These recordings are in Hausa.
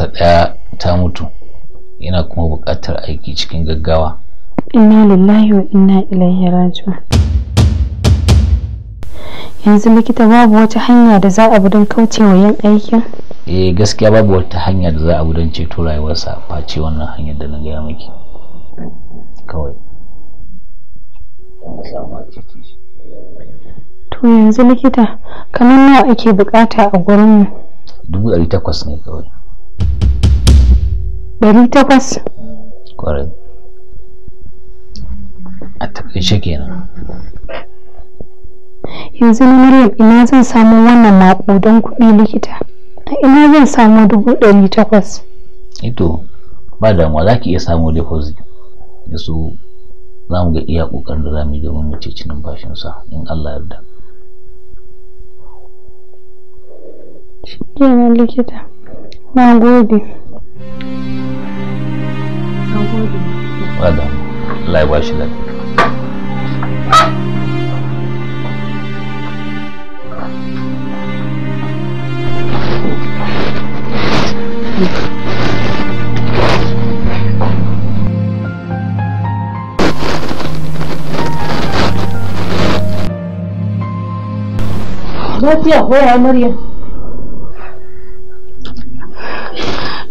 matarsa ɗaya ta mutu yana kuma buƙatar aiki cikin gaggawa inna lillahi wa inna ilaihi raji'un yanzu likita babu wata hanya da za a don kaucewa yin aikin eh gaskiya babu wata hanya da za a don ceto rayuwarsa face wannan hanyar da na gaya miki kawai to yanzu likita kamar nawa ake bukata a gurin mu dubu ɗari takwas ne kawai ɗari takwas ƙwarai a takaice kenan yanzu na maryam ina zan samu wannan maƙudan kuɗi likita a ina zan samu dubu ɗari takwas ito eh ba damuwa za ki iya samu deposit da su za mu ga iya ƙoƙarin da za mu yi domin mu bashin sa, in allah yarda shi kenan likita na gode na gode wadda Allah ya bashi lafiya lafiya waya maryam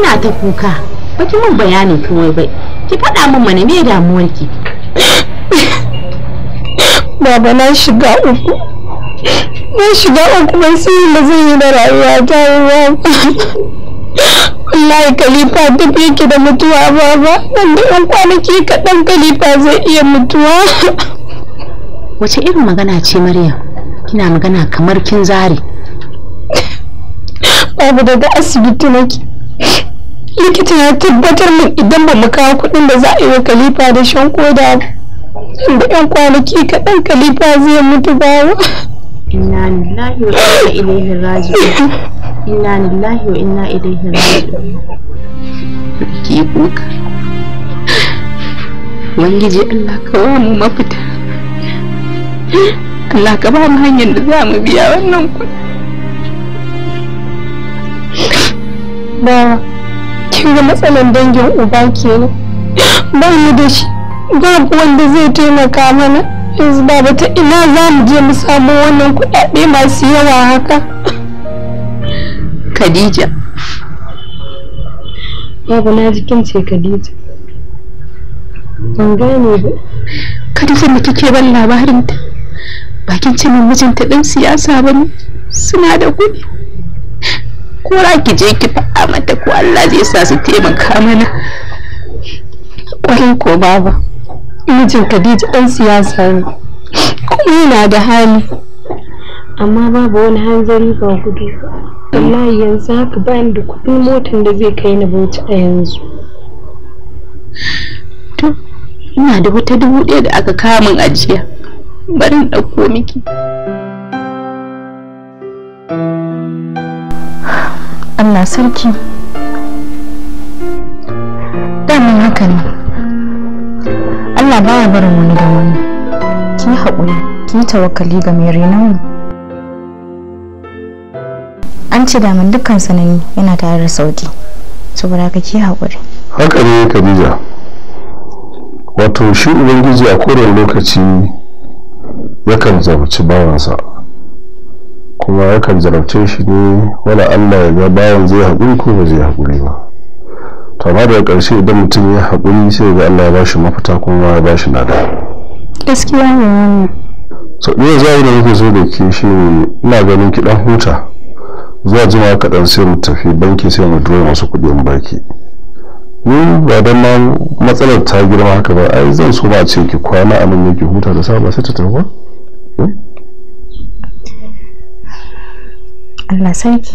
kina ta kuka ba ki mun bayanin komai bai ki faɗa min mana me damuwar ki baba na shiga uku na shiga uku ban san da zan yi da rayuwa ta ba wallahi kalifa duk yake da mutuwa baba nan da yan kwanaki kaɗan kalifa zai iya mutuwa wace irin magana ce maryam kina magana kamar kin zare babu daga asibiti nake likita ya tabbatar min idan ba mu kawo kuɗin da za a yi wa kalifa da shan koda da yan kwanaki kaɗan kalifa zai mutu bawa inna lillahi wa inna ilaihi raji'un inna lillahi wa inna ilaihi raji'un ki kuka Allah ka wa mu mafita Allah ka ba mu hanyar da za mu biya wannan kuɗi bawa shiga matsalan dangin uba kenan ba mu da shi babu wanda zai taimaka mana yanzu ba ta ina za mu je mu samu wannan kuɗaɗe masu yawa haka Khadija babu na jikin ce Khadija ban gane ba Khadija da kike ban labarin ta bakin ce mijinta ɗan siyasa bane suna da kuɗi kora ki je ki faɗa mata ko Allah zai sa su taimaka mana kwarai ko baba mijin Khadija ɗan siyasa ne kuma yana da hali amma babu wani hanzari ba gudu wallahi yanzu haka bani da kuɗin motar da zai kai na bauchi a yanzu ina da wata dubu ɗaya da aka kamun ajiya Barin ɗauko miki Allah sarki daman haka ne Allah baya barin wani da wani ki haƙuri ki tawakkali ga mai renonmu an ce daman dukkan sanani yana tare da sauki saboda ka ki haƙuri haka ne kadija wato shi ubangiji a kowane lokaci yakan zabuci bawansa kuma yakan jarabce shi ne wani allah ya ga bayan zai haƙuri ko ba zai haƙuri ba to amma daga ƙarshe idan mutum ya haƙuri sai ga allah ya bashi mafita kuma ya bashi nada gaskiya ne wannan so ɗaya zai da muke so da ke shi ina ganin ki dan huta zuwa jima kaɗan sai mu tafi banki sai mu duro masu kuɗin baki ni ba dan ma matsalar ta girma haka ba ai zan so ba ce ki kwana a nan ne ki huta da sa ba sai ta tafi Allah sarki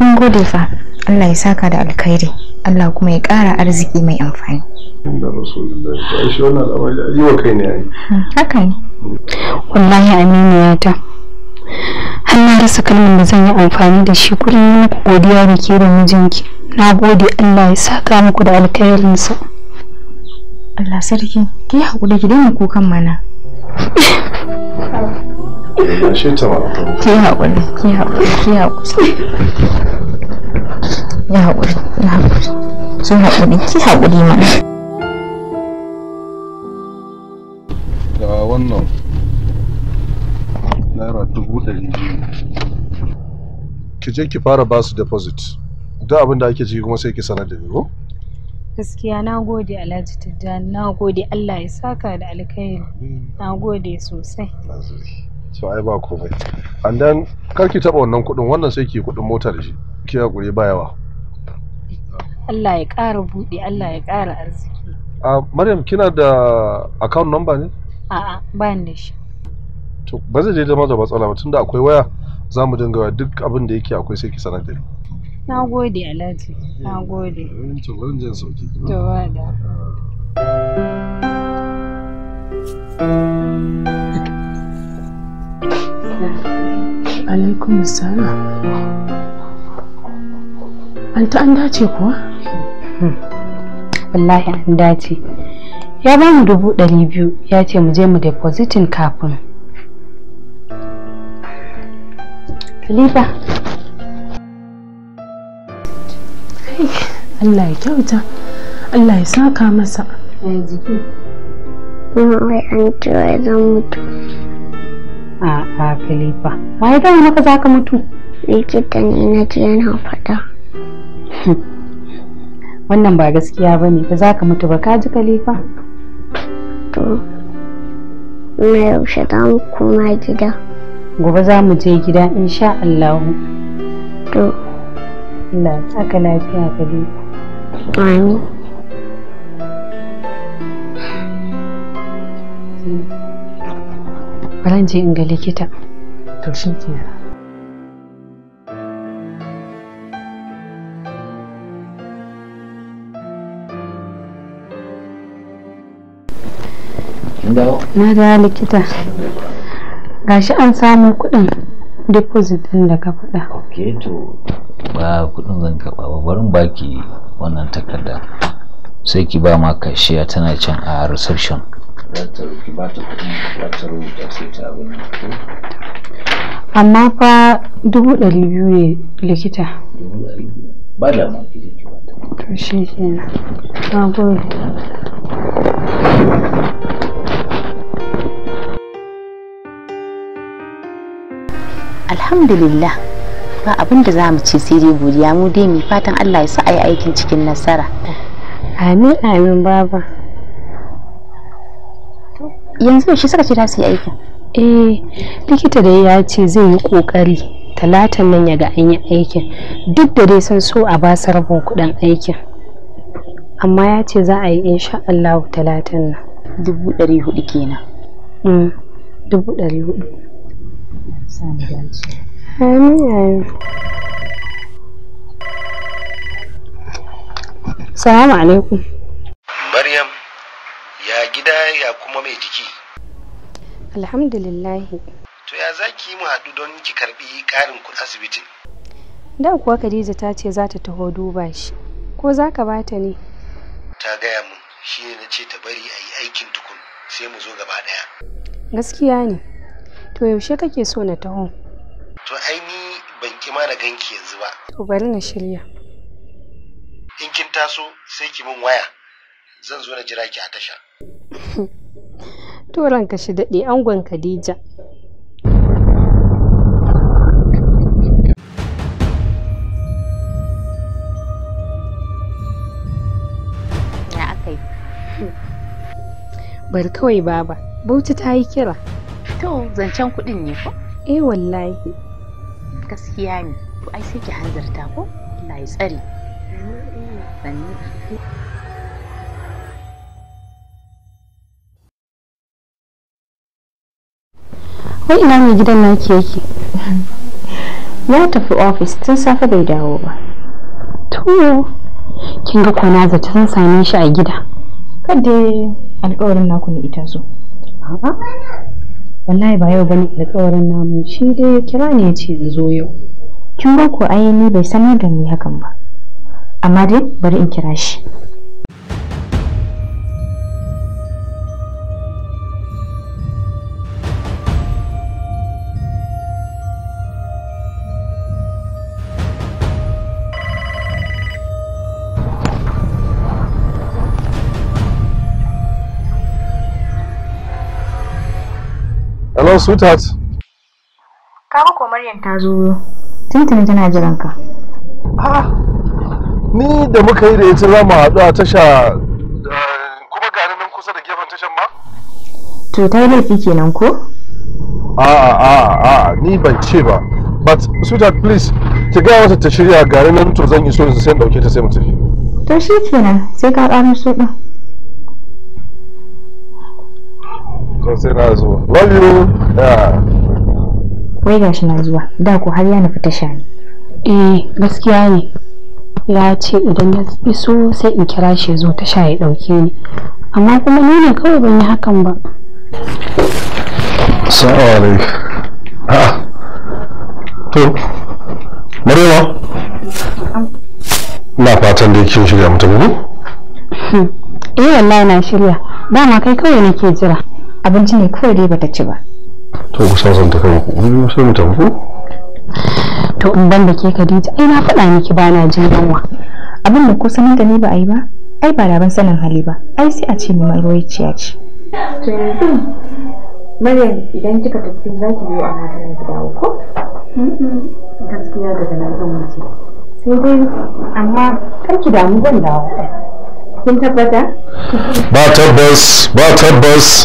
mun gode fa Allah ya saka da alkhairi Allah kuma ya ƙara arziki mai amfani wannan al'amari yi wa kai hmm, haka ne wallahi aminiyata har na rasa kalmar da zan yi amfani da shi kullum yi muku godiya da ke da mijinki na gode Allah ya saka muku da alkhairinsa Allah sarki ki haƙuri ki daina kukan mana Ashe ta ma. Ki haƙuri, ki haƙuri, ki haƙuri. Ya haƙuri, ya haƙuri. Ki haƙuri, ki haƙuri ma. Ga wannan naira dubu ɗari biyu. Ki je ki fara basu deposit. Duk abin da ake ciki kuma sai ki sanar da ni ko? gaskiya na gode alhaji tijjani na gode allah ya saka da alkhairi na gode sosai so ai ba komai and then kar ki taba wannan kudin wannan sai ki kudin mota da shi ki hakuri ba yawa Allah ya ƙara buɗe Allah ya ƙara arziki a ah, Maryam kina da account number ne a'a ba ni da shi to ba zai je da matsala ba tunda akwai waya za mu dinga duk abin da yake akwai sai ki sanar da ni na gode alhaji na gode to wurin jin sauki to ba da Thank you. alaikum salam an ta an dace kuwa hmm. wallahi an dace ya ba mu dubu ɗari biyu ya ce mu je mu depositin kafin Khalifa Allah ya kyauta Allah ya saka masa yanzu wai an ce zan mutu a a Wa ya gaya maka za ka mutu likita ne na ji yana faɗa wannan ba gaskiya ba ne ba za ka mutu ba ka ji khalifa to na yaushe za mu koma gida gobe za mu je gida insha Allahu. to la ya lafiya khalifa amin Thank you. bari je in ga likita to shi ke. na da likita gashi an samu kudin deposit din da ka faɗa to ba kudin zan karɓa ba barin baki wannan takarda sai ki ba ma kashiya tana can a reception amma fa dubu ɗari biyu ne likita ba da ma ki alhamdulillah ba abin da za mu ce sai dai godiya mu dai mai fatan Allah ya sa a yi aikin cikin nasara amin amin baba yanzu shi suka ce za su yi aikin eh likita da ya ce zai yi kokari talatan nan ya ga an yi aikin duk da dai sun so a ba su rabon kuɗin aikin amma ya ce za a yi insha Allah talatan nan dubu ɗari hudu kenan mm, dubu ɗari hudu Salamu alaikum. Maryam ya gida ya kuma mai jiki alhamdulillahi to ya za ki mu haɗu don ki karɓi ƙarin kuɗin asibitin da kuwa khadija ta ce za ta taho duba shi ko za ka bata ne ta gaya mun shi ne na ce ta bari a yi aikin tukun sai mu zo gaba ɗaya gaskiya ne to yaushe kake so na taho to ai ni ban ki ma ganki yanzu ba to bari na shirya in kin taso sai ki mun waya zan zo na jira ki a tasha to ranka shi daɗe angon Khadija bari kawai baba bauchi ta yi kira to zancen kuɗin ne ko eh wallahi gaskiya ne to ai sai ki hanzarta ko Allah ya tsare sannan wai ina mai gidan naki yake ya tafi ofis tun safe bai dawo ba to kin ga kwana zaton same shi a gida kada alƙawarin naku ne ita so a'a wallahi ba yau bane alƙawarin namu shi dai kira ne ya ce in zo yau kin ga ko ai ni bai sanar da ni hakan ba amma dai bari in kira shi Hello, sweetheart. Kaga ko Maryam ta zo. Tintin tana jiran ka. Ah, ni da muka yi da ita za mu haɗu a tasha eh, kuma ga nan kusa da gefen tashan ma? To ta laifi kenan ko? A'a a'a a'a ni ban ce ba. But sweetheart please ki gaya wata ta shirya ga nan to zan iso yanzu sai in ɗauke ta sai mu tafi. To shi kenan sai ka ƙaro su ɗin. so sai na zuwa love you wai gashi na zuwa da ko har ya nufi tasha ne eh gaskiya ne ya ce idan ya iso sai in kira shi zo tasha ya dauke ni amma kuma ni ne kawai ban yi hakan ba Assalamu alaikum. Ah. To, Marewa? Na fatan da kin shirya mutum ko? Hmm. Eh wallahi na shirya. Dama kai kawai nake jira. abinci ne kawai dai bata ci ba to ku san ta kai ku mun sai mu tafi to in ban da ke Khadija ai na faɗa miki ba na jin yunwa abin da ku sanin da ni ba ai ba ai ba da ban sanin hali ba ai sai a ce mu marwaiciya ce to Maryam idan kika tafi za ki biyo a matan ki dawo ko? Gaskiya daga nan zan wuce. Sai dai amma kar ki damu zan dawo. kun tabbata ba tabbas ba tabbas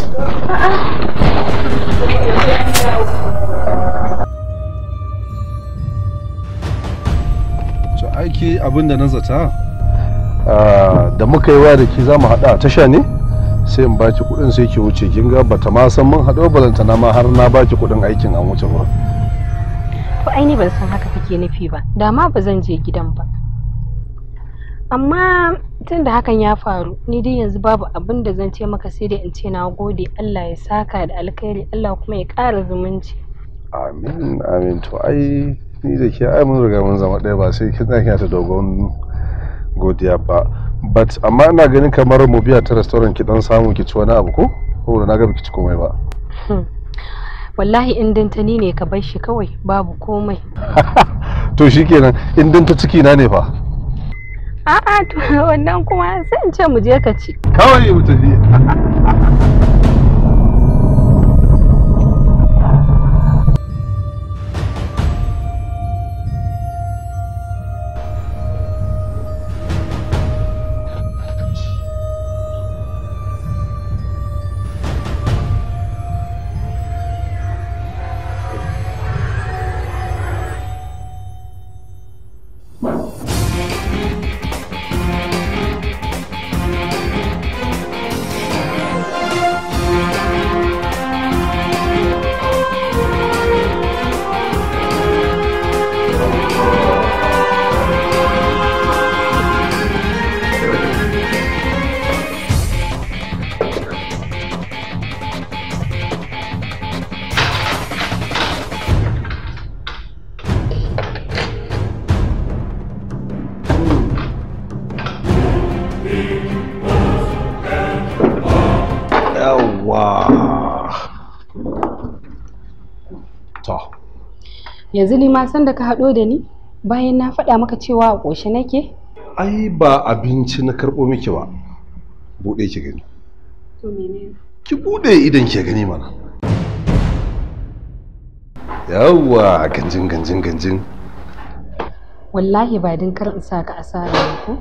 to aiki abin da na zata ah, da muka yi waya da ki za mu haɗa a tasha ne sai in baki kuɗin sai ki wuce kin ga bata ma san mun haɗo balanta na ma har na baki kuɗin aikin an wuce ba to aini ban san haka kake nufi ba da ma ba zan je gidan ba amma tun da hakan ya faru ni dai yanzu babu abin da zan ce maka sai dai in ce na gode Allah ya saka da alkhairi Allah kuma ya ƙara zumunci amin amin to ai ni da ke ai mun riga mun zama ɗaya ba sai kin tsaya ta dogon godiya ba but amma ina ganin kamar mu biya ta restaurant ki dan samu ki ci wani abu ko ko na ga ki ci komai ba hmm. wallahi in dantani ne ka bar shi kawai babu komai to shikenan in danta ciki na ne fa A'a to wannan kuma sai in ce mu je ka ci. Kawai mu tafi. yanzu ni ma san da ka haɗo da ni bayan na faɗa maka cewa a ƙoshe nake ai ba abinci na karɓo miki ba buɗe ki gani to ki buɗe idan ki gani mana yawwa ganjin ganjin ganjin wallahi ba din kar in sa ka asara ko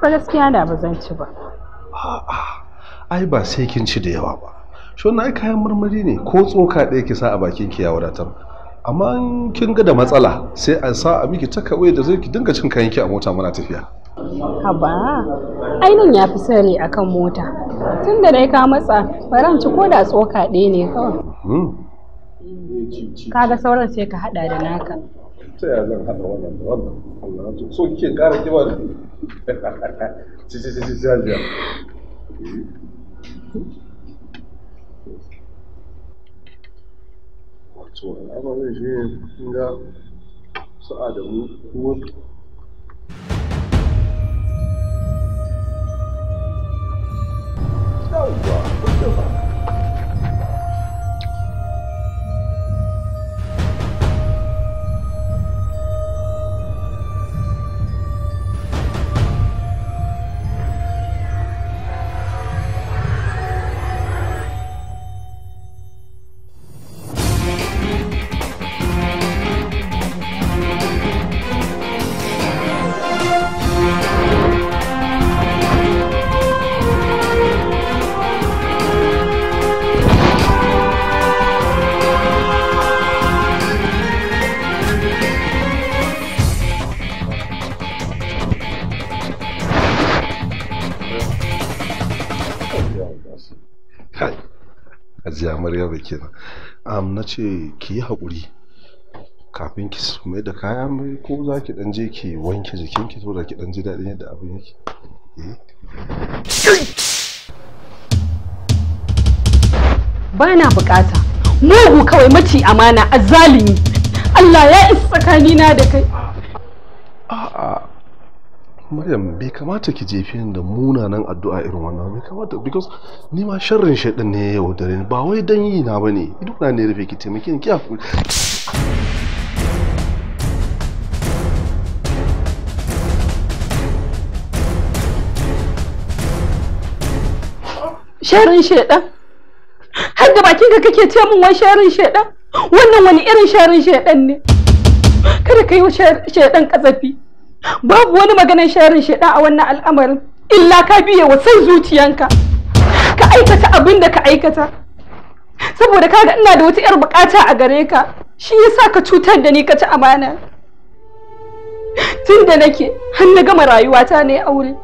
ba gaskiya da ba zan ci ba a'a ai ba sai kin ci da yawa ba Shon na ai kayan marmari ne ko tsoka ɗaya ki sa a bakin ki ya wadatar amma kin ga da matsala sai a sa a miki takawai da zai ki dinga cin kayan ki a mota muna tafiya haba Ainin ya fi sani akan mota tun da dai ka matsa baran ci koda tsoka ɗaya ne kawai kaga sauran sai ka hada da naka ta zan hada wannan da wannan so kike kiba ci ci ci ci 做的南方地应该，是二点五五。下午不上班。amaryar na ce ki yi haƙuri kafin ki mai da kaya mai ko za ki ɗan je ki wanke jikin ki da ki ɗan ji daɗin yadda abin yake eh? ba na bukata mugu kawai mace amana a zalimi Allah ya isa tsakanina da kai Maryam bai kamata ki jefe da munanan addu'a irin wannan bai kamata because ni ma sharrin shaidan ne yau dare ba wai dan yi na bane duk na ne rufe ki taimaki ni ki hakuri Sharin shaidan har da bakin ka kake ce min wai sharin shaidan wannan wani irin sharrin shaidan ne kada ka yi wa shaidan kazafi babu wani maganar sharin shaɗa a wannan al'amarin illa ka biya wa san zuciyanka ka aikata abin da ka aikata saboda kaga ina da wata yar bukata a gare ka shi yasa ka cutar da ni ka ci amana tun da nake har na gama rayuwata ne aure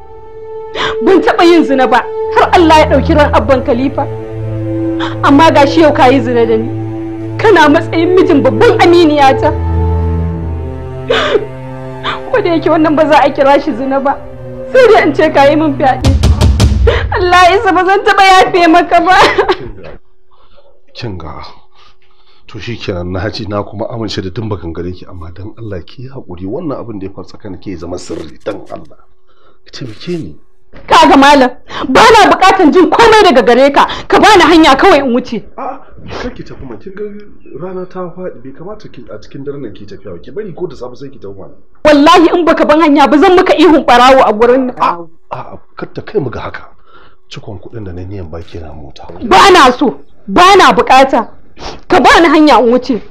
ban taɓa yin zina ba har Allah ya ɗauki ran abban khalifa amma ga shi yau ka yi zina da ni kana matsayin mijin babban aminiyata da yake wannan ba za a kira shi zina ba sai dai in ce ka yi min fyaɗe Allah ya isa ba zan taɓa yafe maka ba kinga to shi kenan na haji na kuma amince da dimba gangare ki amma dan Allah ki hakuri wannan abin da ya faru tsakanin ke zama sirri dan Allah ki taimake ni kaga malam ba na bukatan jin komai daga gare ka ka bani hanya kawai in wuce a'a ki tafi ma kin rana ta faɗi bai kamata ki a cikin daren nan ki tafi ki bari ko da safe sai ki tafi ma wallahi in baka ban hanya ba zan maka ihun barawo a gurin nan a'a kar ta kai mu ga haka cikon kuɗin da na niyan ke na mota ba na so ba na bukata ka bani hanya in wuce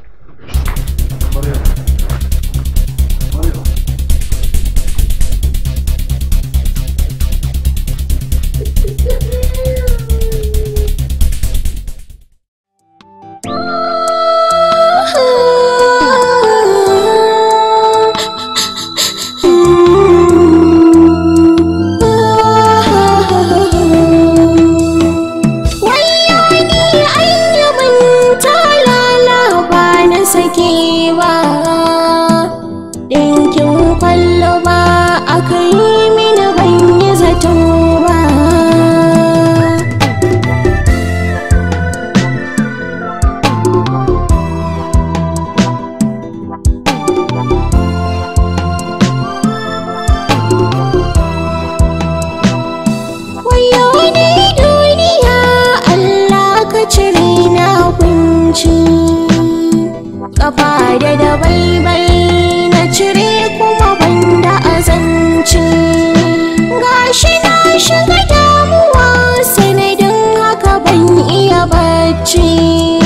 abinci kafa da da baibai na cire kuma banda azanci gashi na shiga damuwa sanadin haka ban iya bacci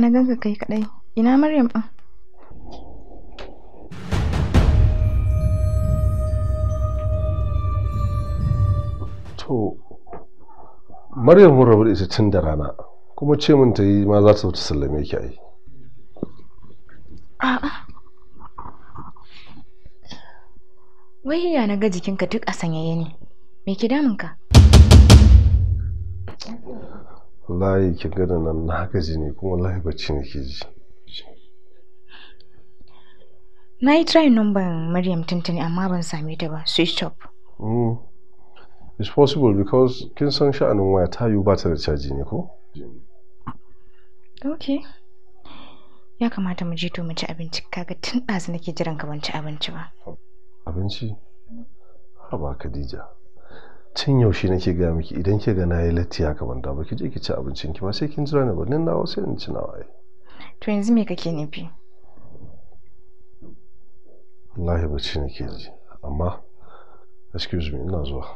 na ganka kai kadai ina maryam ɗin to maryam mun rabu da ita tun da rana kuma ce mun ta yi ma za ta ta sallame ki ai a'a wai ya na ga jikinka duk a sanyaye ne me ke damunka wallahi ki gada nan na haka ji ne kuma wallahi bacci ne ke ji na yi try number maryam tuntuni amma ban same ta ba switch off mm. it's possible because kin san sha'anin waya ta yiwu ba ta da caji ne ko okay ya kamata mu je to mu ci abinci kaga tun ɗazu nake jiran ka ban ci abinci ba abinci haba khadija cin yaushe nake gaya miki idan ke ga nayi latti haka ban da ki je ki ci abincin ki ba sai kin jira ni ba nan nawa sai in ci nawa ai to yanzu me kake nufi wallahi bacci nake ji amma excuse me ina zuwa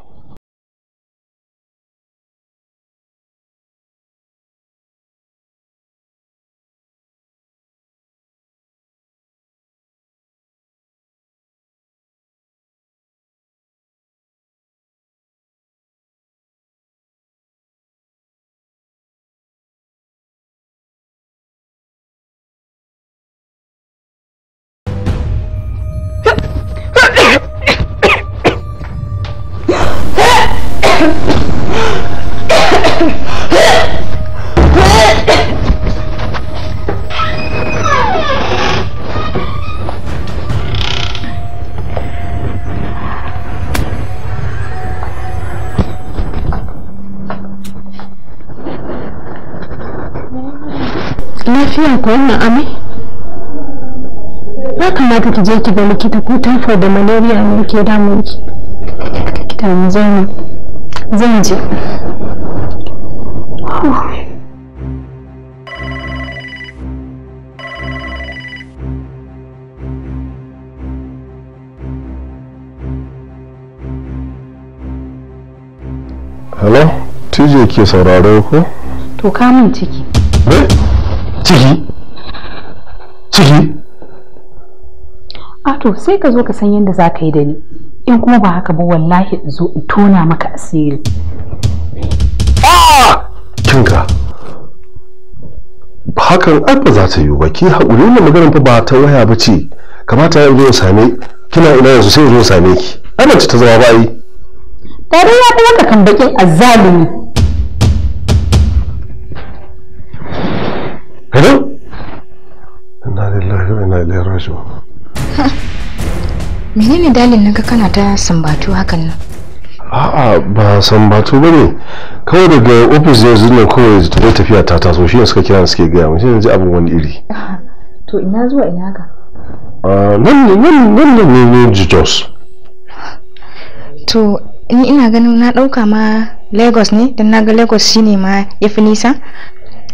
ki je ki ga likita ko typhoid da malaria ne ke damun ki likita mu zauna zan je Hello, tije ke sauraro ko? To kamun ciki. Eh? Ciki? Ciki? Ato, sai ka zo ka san yadda za ka yi da ni in kuma ba haka ba wallahi zo in tona maka asiri ah! kinka hakan ai ba za ta yiwu ba ki haƙuri wanda maganar fa ba ta waya ba ce kamata ya zo same kina ina yanzu sai zo same ki ai mace ta zama bayi tare ya kuma ka kan bakin azzalumi hello Ina lillahi wa inna ilaihi raji'un menene dalin naga kana ta sambatu hakan nan a'a ba sambatu bane kawai daga ofis yanzu ne kawai ta tafiya ta taso shi ne suka kira suke gaya mu shi yanzu abin wani iri to ina zuwa ina ka ah, nan ne nan ne ne ne jos to ni ina ganin na dauka ma lagos ne dan naga lagos shine ma yafi nisa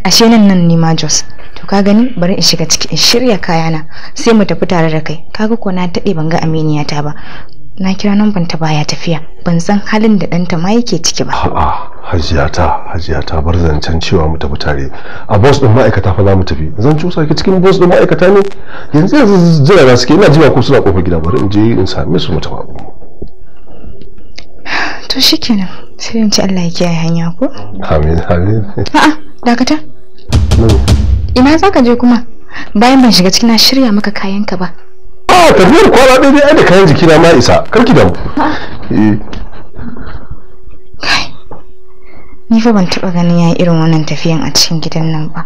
ashe nan nan ne ma jos ka gani bari in shiga ciki in shirya kayana sai mu tafi tare da kai kaga ko na daɗe ban ga aminiya ta ba na kira numban ta baya tafiya ban san halin da danta ma yake ciki ba a'a hajiyata hajiyata bar zancen cewa mu tafi tare a boss din ma'aikata fa za mu tafi zan cusa ki cikin boss din ma'aikata ne yanzu yanzu jira na suke ina jira ko suna kofar gida bari in je in same su mu tafi to shikenan sai in ci Allah ya kiyaye hanya ko amin amin a'a dakata ina za ka je kuma bayan ban shiga cikin na shirya maka kayan ka ba a tafiyar kwana ɗaya ne da kayan jikina ma isa karki damu eh. ni fa ban taɓa ganin ya irin wannan tafiyan a cikin gidan nan ba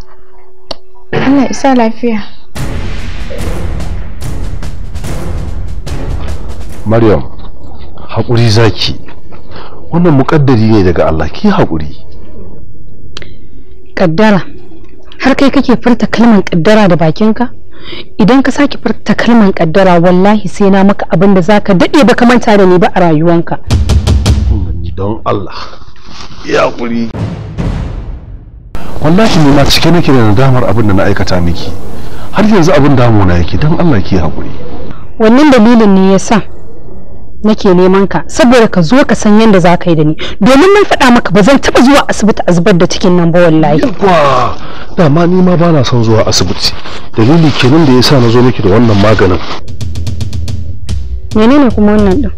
Allah isa lafiya Maryam haƙuri zaki wannan muƙaddari ne daga Allah ki haƙuri ƙaddara har kai kake furta kalman kaddara da bakinka idan ka sake furta kalman kaddara wallahi sai na maka abin da zaka dade ba ka manta da ni ba a rayuwanka don Allah ya kuri wallahi ni ma cike nake da nadamar abin da na aikata miki har yanzu abin damuna yake don Allah ki hakuri wannan dalilin ne yasa nake neman ka saboda ka zo ka san yadda za ka yi da ni domin mun faɗa maka ba zan taɓa zuwa asibiti a zubar da cikin nan ba wallahi da ma ni ma ba na son zuwa asibiti dalili kenan da yasa na zo miki da wannan maganin menene kuma wannan din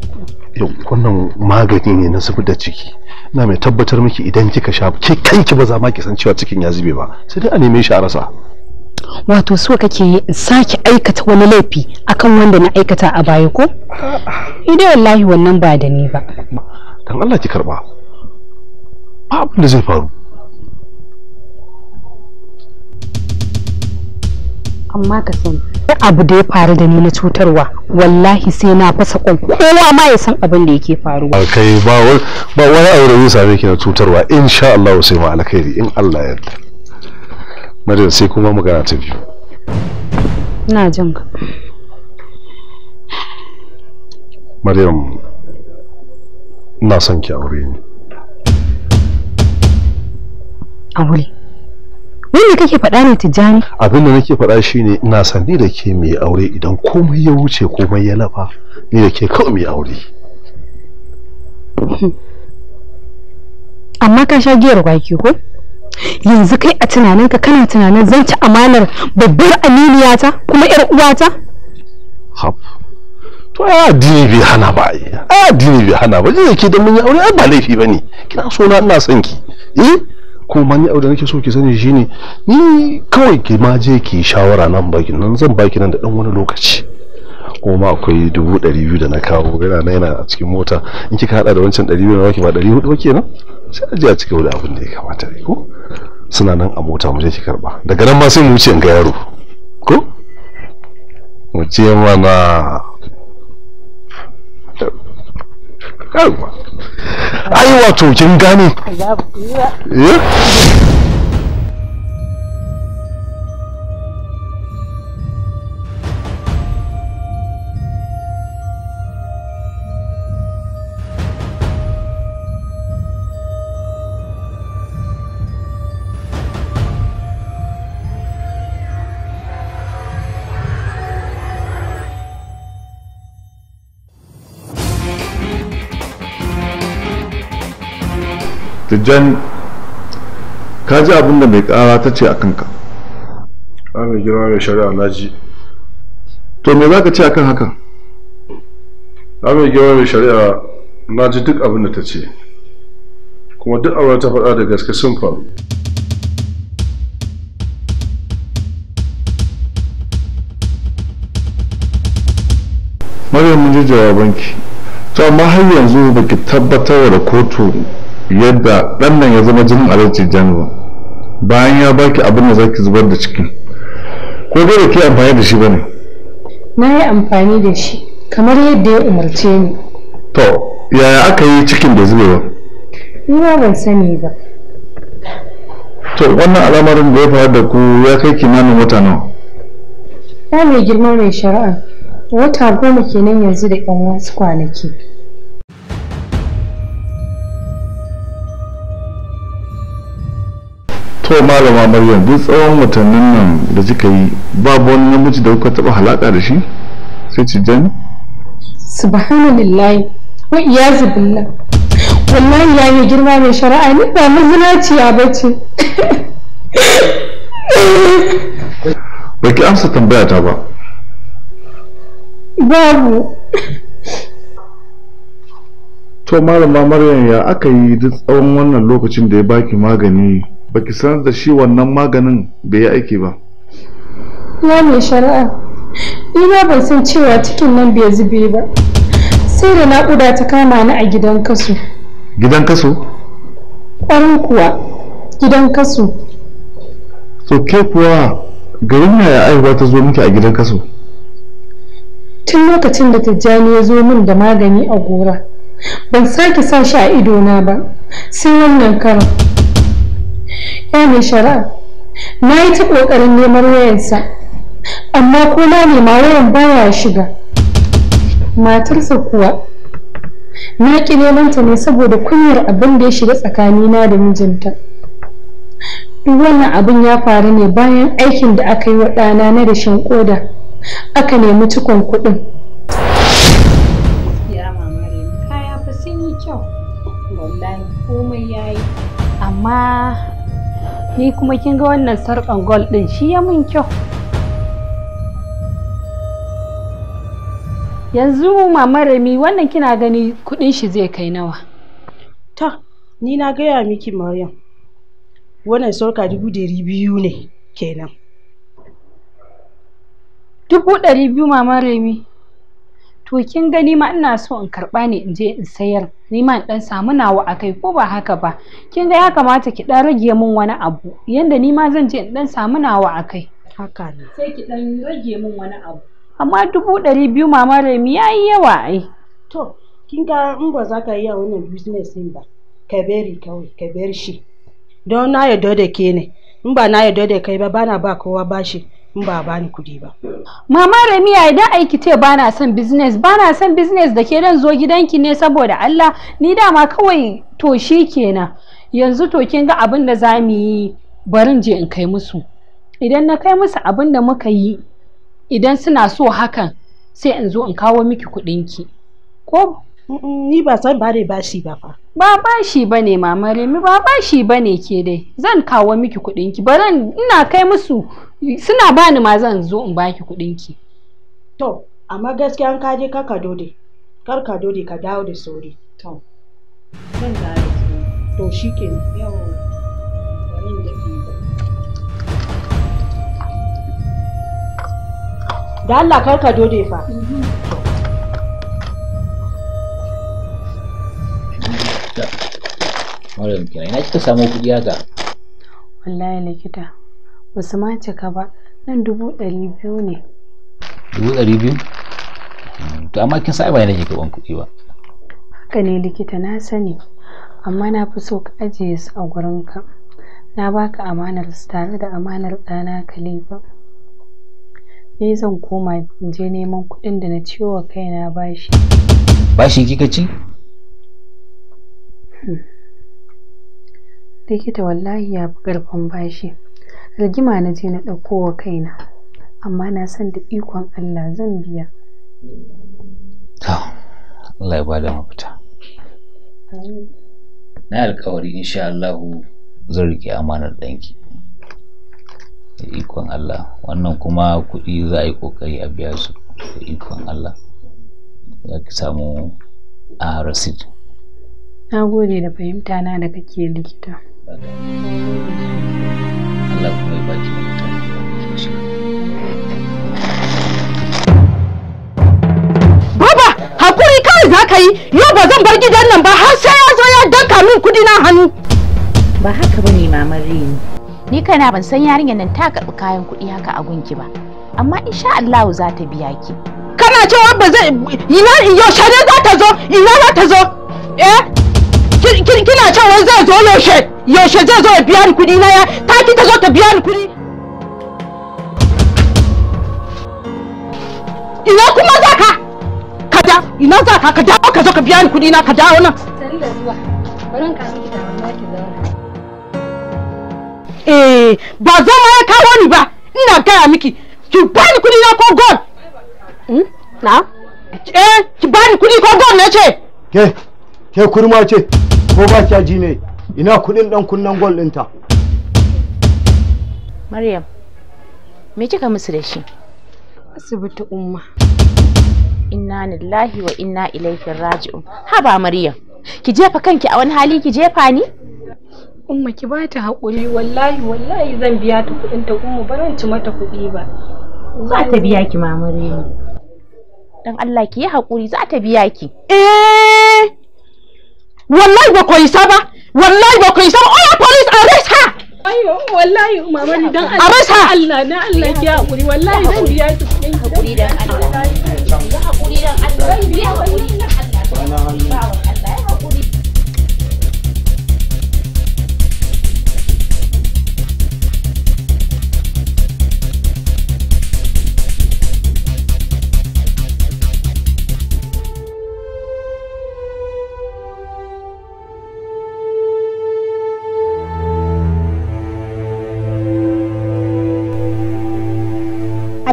wannan magani ne na zubar da ciki na mai tabbatar miki idan kika sha ke kanki ba za ma ki san cewa cikin ya zube ba sai dai a neme shi a rasa wato so kake yi in sake aikata wani laifi akan wanda na aikata a baya ko idan wallahi wannan ba da ni ba dan Allah ki karba ba abin da zai faru amma ka sani duk abu da ya faru da ni na cutarwa wallahi sai na fasa kon kowa ma ya san abin da yake faruwa kai ba wani aure ne same ki na cutarwa insha Allah sai ma alkhairi in Allah ya yarda Maryam sai kuma magana ta biyu. Ina jin ka. Maryam ina son ki aure ni. Aure? Wanda kake faɗa ne Tijjani? Abin da nake faɗa shine ina son ni da ke mai aure idan komai ya wuce komai ya lafa ni da ke kawai mai aure. Amma ka sha giyar kwaki ko? yanzu kai a tunaninka kana tunanin zan ci amanar babbar aminiyata kuma yar uwata hab to ai addini bai hana ba ai addini bai hana ba zai ke da mun yi aure ba laifi bane kina so na ina son ki eh ko ma ni aure nake so ki sani shine ni kawai ki ma je ki shawara nan baki nan zan baki nan da dan wani lokaci kuma akwai dubu ɗari biyu da na kawo gana na yana a cikin mota in kika hada da wancan ɗari biyu na baki ba ɗari hudu ba kenan sai a a da abin da ya kamata ne ko suna nan a mota mu je ki karba daga nan ma sai mu wuce ga yaro ko mu ce mana ai wato kin gane eh jan ka ji abin da mai kara ta ce a kanka a mai girma mai shari'a na ji to me za ka ce akan haka a mai girma mai shari'a na ji duk abin da ta ce kuma duk abin da ta faɗa da gaske sun faru Maryam mun ji jawabanki to amma har yanzu ki tabbatar da kotu yadda ɗannan ya zama jinin alaji janwa bayan ya baki abin da ki zubar da ciki ko dai da ke amfani da shi ba ne. na yi amfani da shi kamar yadda ya umarce ni to yaya aka yi cikin da zubewa ni ma ban sani ba to wannan al'amarin da ya faru da ku ya kai kimanin wata nawa ya mai girma mai shari'a wata goma kenan yanzu da yan wasu kwanaki to malama maryam duk tsawon watannin nan da suka yi babu wani namiji da kuka taba halaka da shi sai ci jan subhanallahi wa iyazu billah wallahi ya yi girma mai shari'a ni ba mazinaciya ba ce ba ki amsa tambaya ta ba babu to malama maryam ya aka yi duk tsawon wannan lokacin da ya baki magani baki sanar da shi wannan maganin bai yi aiki ba ya mai shari'a ina ban san cewa cikin nan bai zube ba sai da naƙuda ta kama ni a gidan kasu gidan kasu ƙwarin kuwa gidan kasu to ke kuwa garin ya aiwa ta zo miki a gidan kasu tun lokacin da tijjani ya zo min da magani a gora ban sake sa shi a idona ba sai wannan karan ya mai shara. na yi ta ƙoƙarin neman wayansa amma ko na nema wayan baya shiga matarsa kuwa na ƙi ta ne saboda kunyar abin da ya shiga tsakanina da mijinta duk wannan abin ya faru ne bayan aikin da aka yi wa ɗana na rashin ƙoda aka nemi cikon kuɗin ni kuma kin ga wannan sarkan gol din shi ya mun kyau yanzu mama rami wannan kina gani kudin shi zai kai nawa ta ni na gaya miki maryam wannan sarka dubu ɗari biyu ne kenan dubu ɗari biyu mama rami to kin gani ma ina so in karɓa ne in je in sayar ni ma in dan samu nawa akai ko ba haka ba kin ga ya kamata ki dan rage min wani abu yanda ni ma zan je in dan samu nawa akai haka ne sai ki dan rage min wani abu amma dubu ɗari biyu mama Remi ya yi yawa ai to kin ga in ba za ka yi wannan business din ba ka bari kawai ka bar shi don na yarda da ke ne in ba na yarda da kai ba bana ba kowa bashi in ba ni kudi ba. Mama Ramiya idan aiki ce ba na son business ba na son business da ke dan zo gidanki ne saboda Allah ni dama kawai to shi kenan yanzu to kin ga abin da za mu yi barin je in kai musu idan na kai musu abin da muka yi idan suna so hakan sai in zo in kawo miki ki ko Ni ba san ba bashi ba fa. Ba bashi ba ne mama Remi ba bashi ba ne ke dai. Zan kawo miki kuɗinki ba zan ina kai musu suna bani ma zan zo in baki ki. To amma gaskiya an kaje ka ka dode. Kar ka dode ka dawo da sauri. To. Zan ga To shikenan. Yawa. Bari Da Allah kar ka dode fa. Mhm. Maryam kenan ina kika samo kuɗi haka? Wallahi likita ba su ma cika ba nan dubu ɗari biyu ne. Dubu ɗari biyu? Hmm, to amma kin sa'a, ba yana ke karɓan kuɗi ba. Haka ne likita na sani amma na fi so ka ajiye su a gurinka. Na baka amanar su tare da amanar ɗana Khalifa. ne zan koma in je neman kuɗin da na ciwo kaina bashi. Bashi kika ci? Hmm. likita wallahi ya fi ƙarfin bashi rigima na je na ɗauko wa kaina amma na san da ikon Allah zan biya Allah ya ba da mafita na alkawari insha Allah zan rike amanar ɗanki da ikon Allah wannan kuma kuɗi za a yi ƙoƙari a biya su da ikon Allah za ki samu a ah, rasid Na gode da fahimta na da kake likita. Baba, hakuri kawai za ka yi, yau ba zan bar gidan nan ba har sai ya zo ya danka min kudi na hannu. Ba haka ne, mamar Rini. Ni kana ban san yarinyar nan ta karɓi kayan kuɗi haka a gunki ba. Amma insha Allah za ta biya ki. Kana cewa ba zai ina yaushe ne za ta zo ina za ta zo eh Kin kina cewa zai zo yaushe yaushe zai zo ya biya ni kuɗi na ya ta ki ta zo ta biya ni kuɗi ina kuma za ka ka da ina za ka ka dawo ka zo ka biya ni kuɗi na ka dawo nan eh ba ma ya kawo ni ba ina gaya miki ki bani kuɗi na ko gold hmm? na eh ki bani kuɗi ko gold na ce ke ke kurma ce ko ba kya ji ne ina kudin dan kunnen gol ɗinta maryam me kika musu da shi asibiti umma inna lillahi wa inna ilaihi raji'un ba maryam ki jefa kanki a wani hali ki jefa ni umma ki ba ta hakuri? wallahi wallahi zan biya ta kuɗin ta umma ba zan ci mata kuɗi ba za ta biya ki Maryam dan Allah ki yi hakuri za ta biya ki eh wallahi ba ku isa ba wallahi ba ku isa ba oya police arrest her ayo wallahi mama ni dan Allah arrest her Allah dan Allah ki hakuri wallahi dan biya su hakuri dan Allah hakuri dan Allah biya hakuri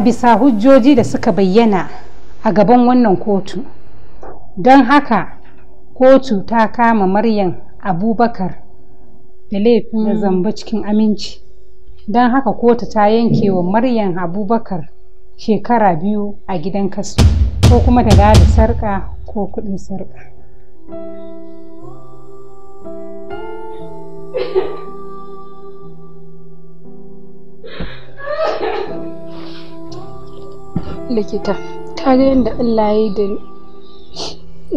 bisa hujjoji da suka bayyana a gaban wannan kotu don haka kotu ta kama maryam abubakar da laifin da hmm. zamba cikin aminci don haka kotu ta yanke wa maryam abubakar shekara biyu a gidan kasu ko kuma da da sarka ko kudin sarka likita ta ga yadda Allah ya yi da ni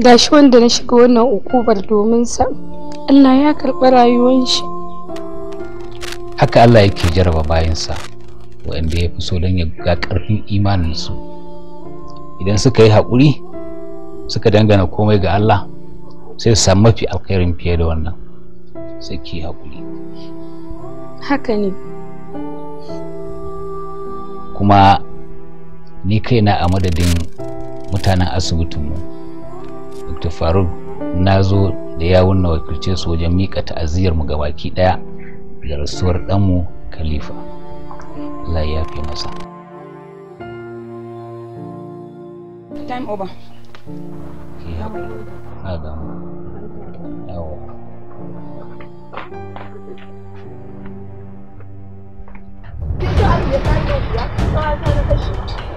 gashi wanda na shiga wannan ukubar domin sa Allah ya karɓi rayuwar shi haka Allah yake jaraba bayansa waɗanda ya fi so don ya ga ƙarfin imaninsu idan suka yi haƙuri suka dangana komai ga Allah sai su samu mafi alkhairin fiye da wannan sai ki haƙuri haka ne kuma ni kaina a madadin mutanen asibitinmu dr faruk na zo da yawun na wakilce su wajen miƙa ta'aziyarmu ga baki ɗaya da rasuwar ɗanmu khalifa Allah ya fi masa time over Thank you.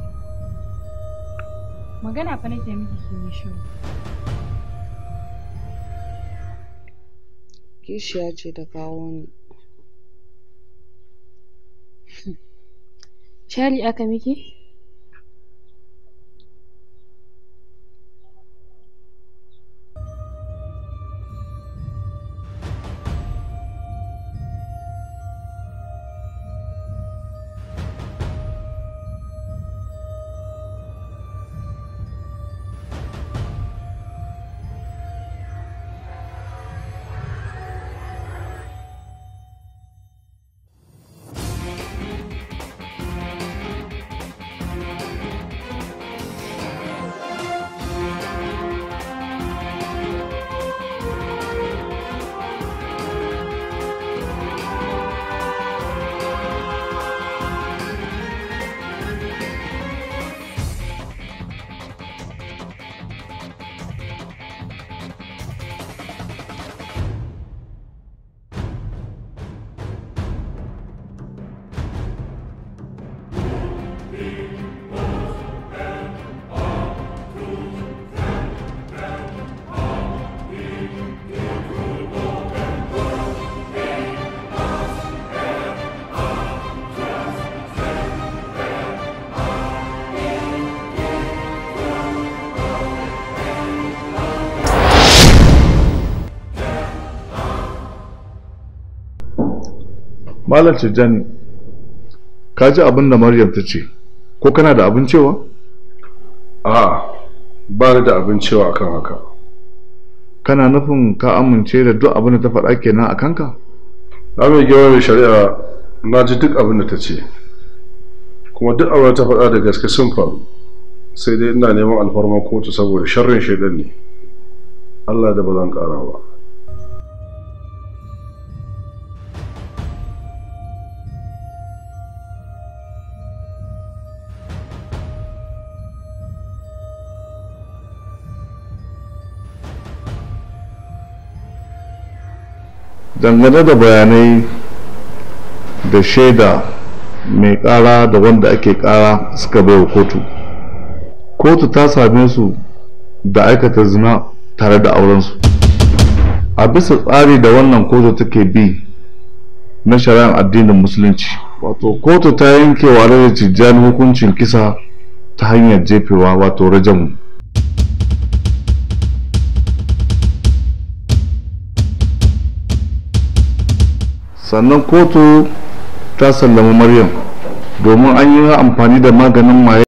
Magana fa nake miki ki shiru. Kishiya ce ta kawo ni. Shari aka miki? ce jan ka ji abin da maryam ta ce ko kana da abin cewa a ba da abin cewa akan haka kana nufin ka amince da duk abin da ta faɗa kenan a kanka na mai gewa mai shari'a na ji duk abin da ta ce kuma duk abin da ta faɗa da gaske sun faru sai dai ina neman alfarma kotu saboda sharrin shaidan ne allah da ba zan ƙara ba dangane da bayanai da shaida mai kara da wanda ake kara suka baiwa kotu kotu ta same su da aikata zina tare da aurensu a bisa tsari da wannan kotu take bi na shari'ar addinin musulunci wato kotu ta yanke wa da tijjani hukuncin kisa ta hanyar jefewa wato rajamu sannan kotu ta sallama maryam domin an yi amfani da maganin maye